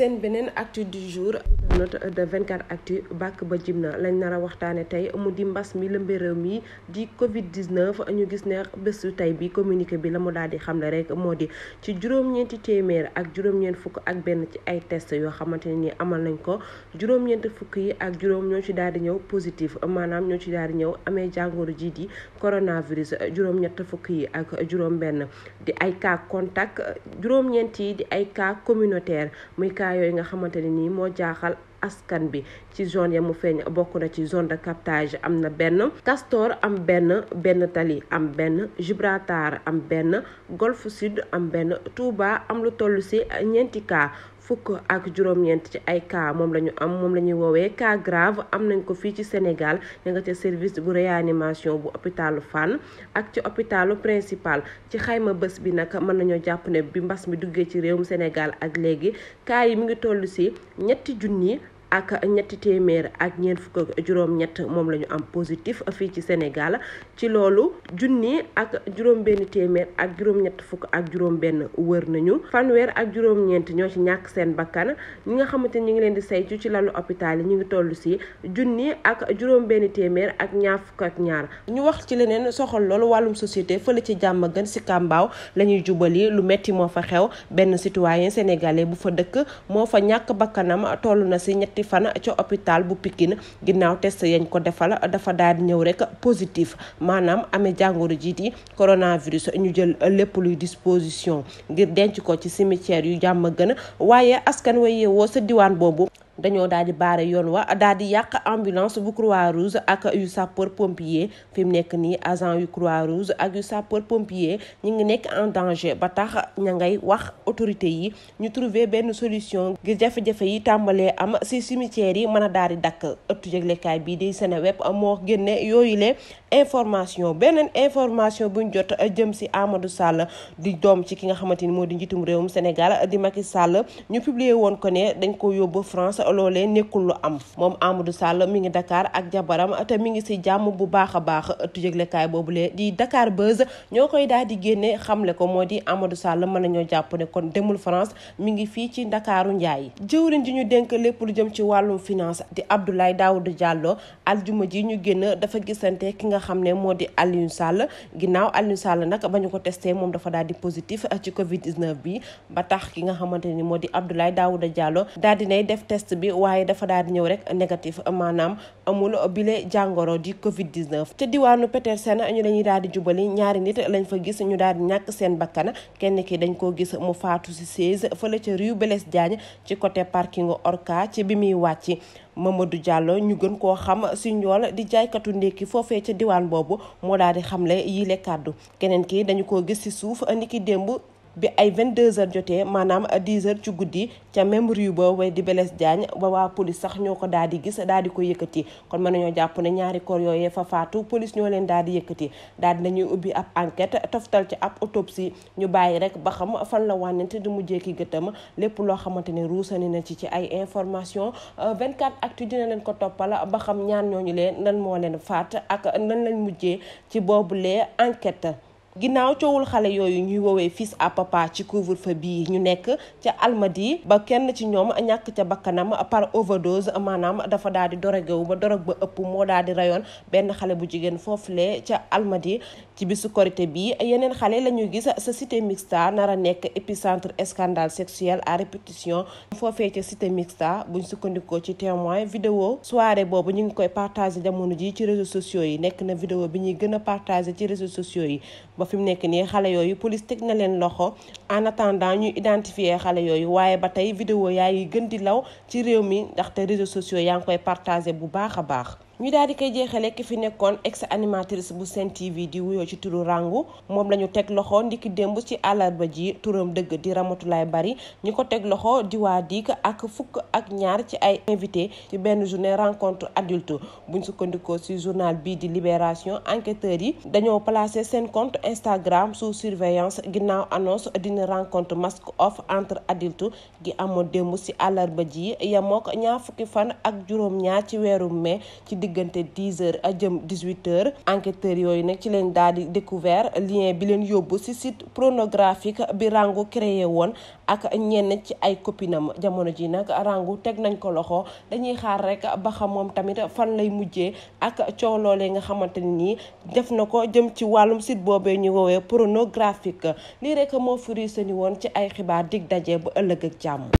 seen beneen actu du jour internet de 24 actu bàkk ba jim na lañ nara a waxtaane tey mu di mbas mi lëmbe réew mi di covid 19 ñu gis ne bésu tey bi communiqué bi la mu daal di xamle rek moo di ci juróom-ñeenti téeméer ak juróom-ñeent fukk ak benn ci ay test yoo xamante ne ni amal nañ ko juróom fukk yi ak juróom ñoo ci daal di ñëw positif maanaam ñoo ci daal di ñëw amee jàngoro ji di coronavirus juróom-ñett fukk yi ak juróom benn di ay cas contact juróom-ñeent yi di ay kaa communautaire muy cas yooyu nga xamante ne nii moo jaaxal askan bi ci zone ya mu feeñ bokk na ci zone de captage am na benn Castor am benn benn tali am benn Gibraltar am benn Golf Sud am benn Touba am lu toll si ñeenti cas fukk ak juróom-ñeent ci ay cas moom la ñu am moom la ñuy woowee cas grave am nañ ko fii ci Sénégal ña ca service bu réanimation bu hôpitalu Fann ak ci hôpitalu principal ci xayma bés bi nag mën nañoo jàpp ne bi mbas mi duggee ci réewum Sénégal ak léegi kaa yi mu ngi toll si ñetti junni ak ñetti téeméer ak ñeent fukk ak juróom-ñett moom la ñu am positif fii ci Sénégal ci loolu junni ak juróom-benn téeméer ak juróom fukk ak juróom-benn nañu fanweer ak juróom-ñeent ñoo ci ñàkk seen bakkan ñi nga xamante ni ñu ngi leen di saytu ci lalu hôpital yi ñu ngi toll si junni ak juróom-benn téeméer ak ñaar fukk ak ñaar. ñu wax ci leneen soxal loolu wàllum société fële ci jàmm gën si Kambaaw lañuy ñuy jubali lu metti moo fa xew benn citoyen sénégalais bu fa dëkk moo fa ñàkk bakkanam toll na si ñetti ñetti fan ca hôpital bu Pikine ginnaaw test yañ ko defal dafa daal di ñëw rek positif maanaam amee jàngoro ji di coronavirus ñu jël lépp luy disposition ngir denc ko ci cimetière yu jàmm gën waaye askan wa yeewoo sa diwaan boobu dañoo daal di baare yoon wa daal di yàq ambulance bu croix rouge ak yu sapeur pompier fi mu nekk nii agent yu croix rouge ak yu sapeur pompier ñu ngi nekk en danger ba tax ña ngay wax autorité yi ñu trouver benn solution ngi jafe-jafe yi tàmbalee am si cimetière yi mën a daal di dakk ëttu yëglekaay bii di Seneweb moo génne yooyu le information beneen information buñ jot jëm si Amadou Sall di doom ci ki nga xamante ni moo di njiitum réewum Sénégal di Macky Sall ñu loolee nekkul lu am moom Amadou Sall mi ngi dakaar ak jabaram te mi ngi si jàmm bu baax a baax ëttu boobu boobulee di dakaar Buzz ñoo koy daal di génne xamle ko moo di Amadou Sall mën nañoo jàpp ne kon demul France mi ngi fii ci Ndakaaru Njaay jëwriñ ji ñu dénk lépp lu jëm ci wàllum finance di Abdoulaye Daouda Diallo aljuma ji ñu génn dafa gisante ki nga xam ne moo di Aliou Sall ginnaaw Aliou Sall nag ba ñu ko testé moom dafa daal di positif ci Covid 19 bi ba tax ki nga xamante ni moo di Abdoulaye Daouda Diallo daal di nay def test bi waaye dafa daal di ñëw rek négatif maanaam amul bile jàngoro di Covid 19. te diwaanu Petersen ñu dañuy daal di jubali ñaari nit lañ fa gis ñu daal di ñàkk seen bakkan kenn ki dañ koo gis mu faatu si 16 fële ca rue Blaise Diagne ci côté parking Orca ci bi muy wàcc. Mamadou Diallo ñu gën koo xam si njool di jaaykatu ndékki foofee ca diwaan boobu moo daal di xamle yile kàddu keneen ki dañu ko gis si suuf niki démb bi ay vingt 22h jotee maanaam 10h ci guddi ca même rue ba way di Blaise Diagne ba waa police sax ñoo ko daal di gis daal di ko yëkkati kon mën nañoo jàpp ne ñaari corps yooyee fa faatu police ñoo leen daal di yëkkati daal di nañuy ubbi ab enquête toftal ci ab autopsie ñu bàyyi rek ba xam fan la wànnante di mujjee ki gëttam lépp loo xamante ne ruusani na ci ci ay information 24 euh, actu dina leen ko toppal ba xam ñaan ñooñu leen nan moo leen faat ak nan lañ mujjee ci boobu lee enquête ginnaaw coowul xale yooyu ñuy woowee fils à papa ci couvre-feu bii ñu nekk ca di ba kenn ci ñoom ñàkk ca bakkanam par overdose maanaam dafa daal di dorogewu ba dorog ba ëpp moo daal di rayoon benn xale bu jigéen foofulee ca Almadies ci bisu korité bi yeneen xale la ñuy gis sa cité mixta nar a nekk épicentre scandale sexuel à répétition foofee ca cité mixta buñ sukkandikoo ci témoin vidéo soirée boobu ñu ngi koy partager jamono ji ci réseaux sociaux yi nekk na vidéo bi ñuy gën a partager ci réseaux sociaux yi ba fi mu nekk nii xale yooyu police teg na leen loxo en attendant ñu identifier xale yooyu waaye ba tey vidéo yaa ngi gën di law ci réew mi ndaxte réseaux sociaux yaa ngi koy partagé bu baax a baax ñu daal di koy jeexee ki fi nekkoon ex animatrice bu Sen TV di wuyoo ci turu Rangou moom la ñu teg loxo ndiki démb ci àllarba ji turam dëgg di Ramatoulaye Bari ñi ko teg loxo diwaa waa ak fukk ak ñaar ci ay invité ci benn journée rencontre adulte buñ sukkandikoo ci journal bii di Libération enquêteurs yi dañoo placé seen compte Instagram sous surveillance ginnaaw annonce d'une rencontre masque off entre adultes gi amoon démb ci àllarba ji yamook ñaar fukki fan ak juróom-ñaar weeru mai diggante dix heures a jëm dix huit heures yooyu nag ci leen daal di découvert lien bi leen yóbbu si site pornographique bi Rango créé woon ak ñenn ci ay copinam jamono ji nag Rango teg nañ ko loxo dañuy xaar rek ba xam moom tamit fan lay mujjee ak coow loolee nga xamante ni nii def na ko jëm ci wàllum site boobee ñu woowee pornographique lii rek moo firi seni woon ci ay xibaar dig daje bu ëllëg ak jàmm